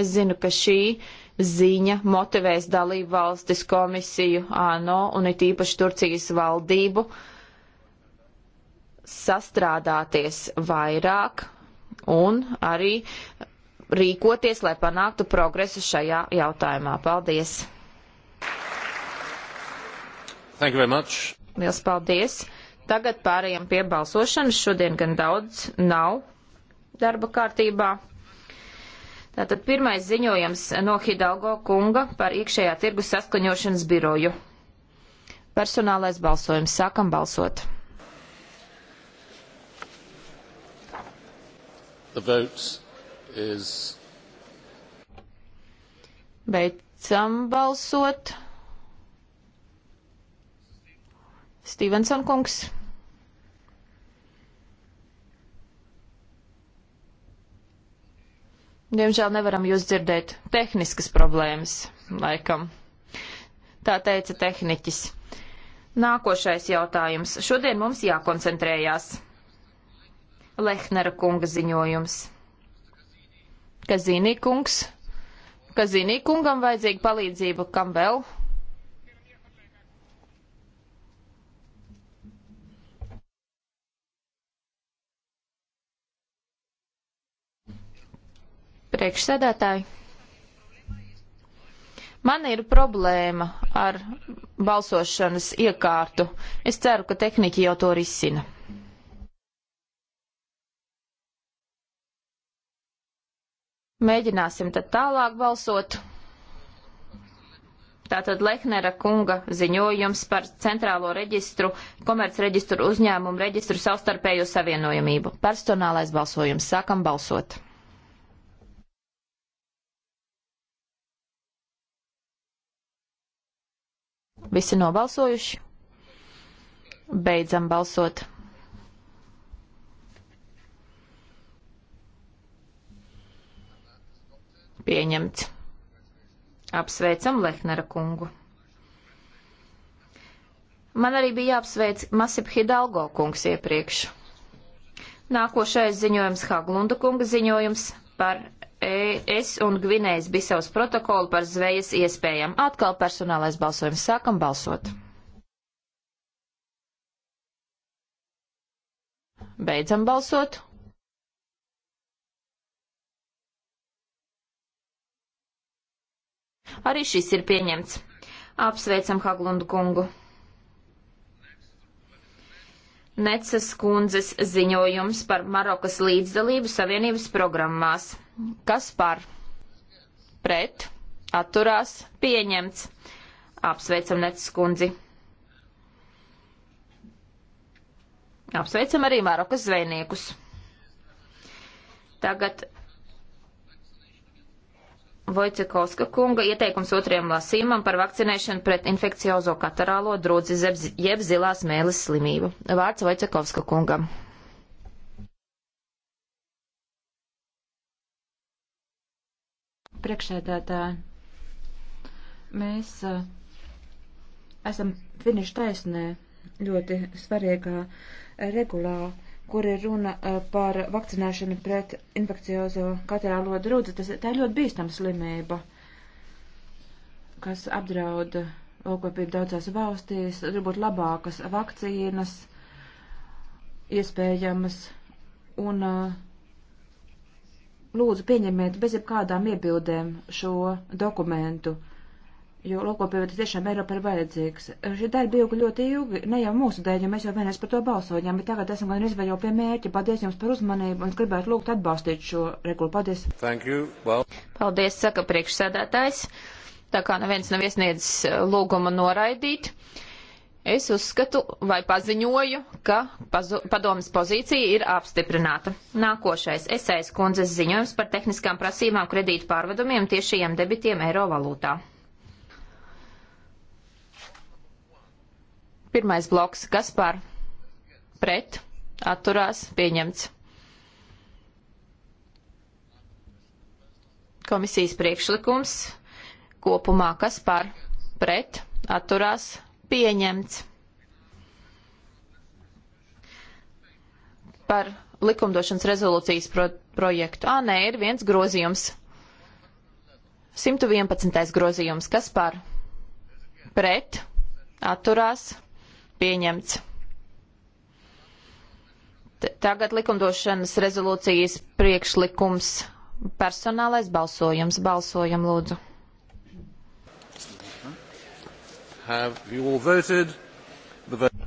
Es zinu, ka šī ziņa motivēs dalību valstis komisiju, ANO un it īpaši Turcijas valdību sastrādāties vairāk un arī rīkoties, lai panāktu progresu šajā jautājumā. Paldies! Thank you very much. Liels paldies! Tagad pārējām pie balsošanas. Šodien gan daudz nav darba kārtībā. Tātad pirmais ziņojums no Hidalgo kunga par iekšējā tirgus saskaņošanas biroju. Personālais balsojums. Sākam balsot. The vote is. Beidzam balsot. Stevenson kungs. Diemžēl nevaram jūs dzirdēt. Tehniskas problēmas, laikam. Tā teica tehniķis. Nākošais jautājums. Šodien mums jākoncentrējās. Lehnera kunga ziņojums. Kazīnī kungs. Kazīnī kungam vajadzīga palīdzība, kam vēl? priekšsēdētāji. Man ir problēma ar balsošanas iekārtu. Es ceru, ka tehniķi jau to risina. Mēģināsim tad tālāk balsot. Tātad Lehnera kunga ziņojums par centrālo reģistru, komercreģistru uzņēmumu reģistru savstarpējo savienojamību. Personālais balsojums. Sākam balsot. Visi nobalsojuši? Beidzam balsot. Pieņemts. Apsveicam Lehnera kungu. Man arī bija jāapsveic Masip Hidalgo kungs iepriekš. Nākošais ziņojums Haglunda kunga ziņojums par ES un Gvinējas Bisavas protokolu par zvejas iespējām. Atkal personālais balsojums. Sākam balsot. Beidzam balsot. Arī šis ir pieņemts. Apsveicam Haglundu kungu. Necas kundzes ziņojums par Marokas līdzdalību Savienības programmās. Kas par? Pret? Atturās? Pieņemts. Apsveicam Necas kundzi. Apsveicam arī Marokas zvejniekus. Tagad Vojcekovska kunga ieteikums otriem lasījumam par vakcinēšanu pret infekciozo katarālo drūdzi jeb zilās mēlis slimību. Vārds Vojcekovska kungam. Priekšēdētāji, mēs uh, esam finiša taisnē ļoti svarīgā regulā. Uh, kur ir runa eh, par vakcinēšanu pret infekciozo katerālo drūdzi. Tas, tā ir ļoti bīstama slimība, kas apdraud lokopību daudzās valstīs. Tur būtu labākas vakcīnas iespējamas un eh, lūdzu pieņemiet bez jebkādām iebildēm šo dokumentu jo lokopievētas tiešām Eiropa ir vajadzīgs. Šī darba ilga ļoti ilgi, ne jau mūsu dēļ, jo mēs jau vienreiz par to balsojām, bet tagad esam gan izvēļo pie mērķa. Paldies jums par uzmanību un es gribētu lūgt atbalstīt šo regulu. Paldies. Thank you. Well. Paldies, saka priekšsēdētājs. Tā kā neviens nav iesniedzis eh, lūgumu noraidīt, es uzskatu vai paziņoju, ka pazu, padomas pozīcija ir apstiprināta. Nākošais esais kundzes ziņojums par tehniskām prasībām kredītu pārvedumiem tiešajiem debitiem eiro valūtā. Pirmais bloks, kas par pret atturās pieņemts. Komisijas priekšlikums kopumā, kas par pret atturās pieņemts. Par likumdošanas rezolūcijas pro projektu. Ā, nē, ir viens grozījums. 111. grozījums. Kas par? Pret. Atturās pieņemts. T tagad likumdošanas rezolūcijas priekšlikums personālais balsojums. Balsojam, lūdzu.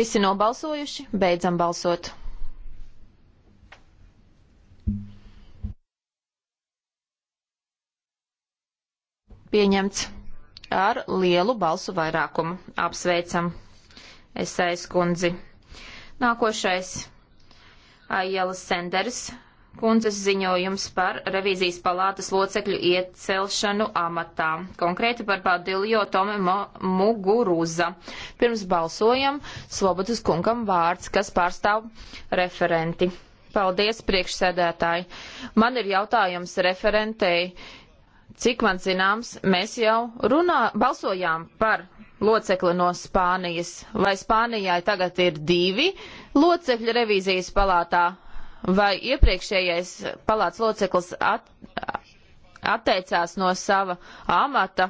Visi nobalsojuši, beidzam balsot. Pieņemts ar lielu balsu vairākumu. Apsveicam! es aizkundzi. Nākošais Aielas Senders kundzes ziņojums par revīzijas palātas locekļu iecelšanu amatā, konkrēti par Badiljo Tome Muguruza. Pirms balsojam, Svobodas kungam vārds, kas pārstāv referenti. Paldies, priekšsēdētāji. Man ir jautājums referentei. Cik man zināms, mēs jau runā, balsojām par locekli no Spānijas. Vai Spānijai tagad ir divi locekļi revīzijas palātā, vai iepriekšējais palāts loceklis at, atteicās no sava amata,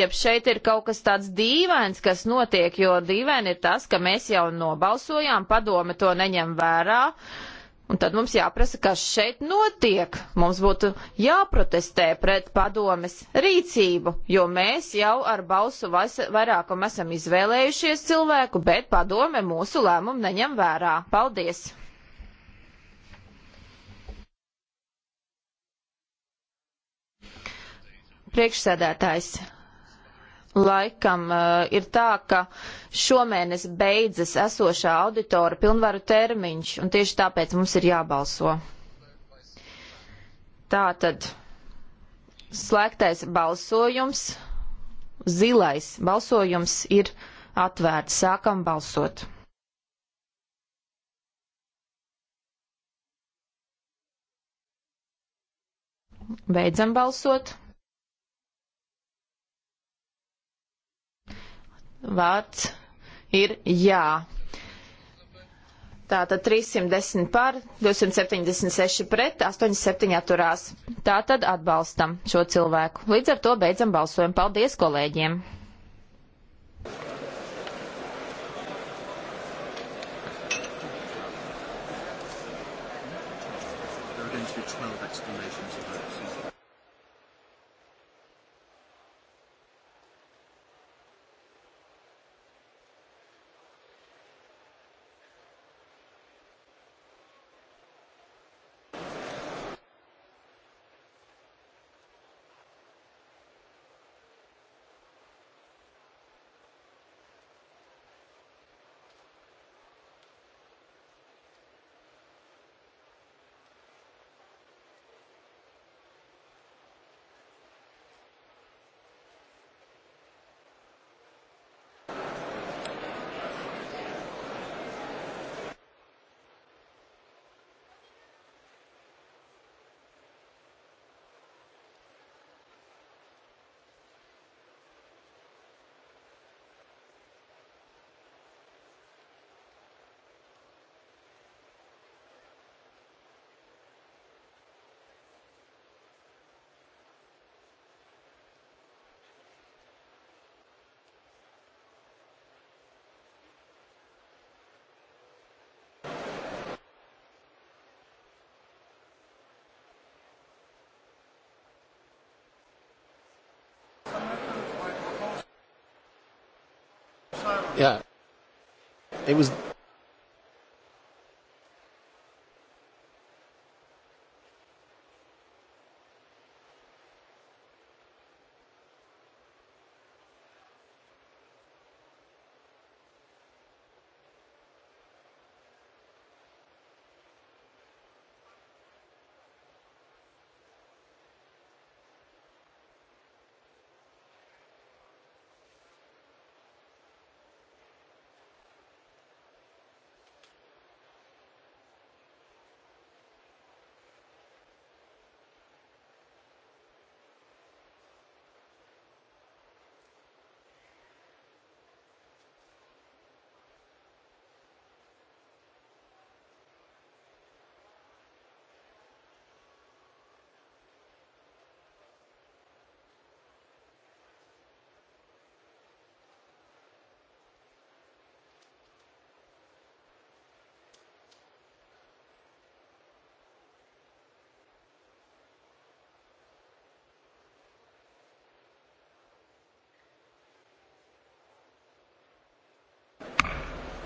jeb šeit ir kaut kas tāds dīvains, kas notiek, jo dīvaini ir tas, ka mēs jau nobalsojām, padome to neņem vērā. Uh, Un tad mums jāprasa, kas šeit notiek. Mums būtu jāprotestē pret padomes rīcību, jo mēs jau ar balsu vairākumu esam izvēlējušies cilvēku, bet padome mūsu lēmumu neņem vērā. Paldies! Priekšsēdētājs laikam uh, ir tā, ka šomēnes beidzas esošā auditora pilnvaru termiņš, un tieši tāpēc mums ir jābalso. Tātad slēgtais balsojums, zilais balsojums ir atvērts. Sākam balsot. Beidzam balsot. vārds ir jā. Tātad 310 par, 276 pret, 87 atturās. Tātad atbalstam šo cilvēku. Līdz ar to beidzam balsojumu. Paldies kolēģiem! There are going to be 12 explanations of votes. yeah. It was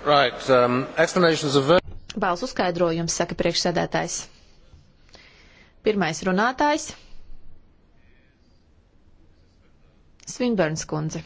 Right, um, of... Balsu skaidrojums, saka priekšsēdētājs. Pirmais runātājs - Svinbērns kundze.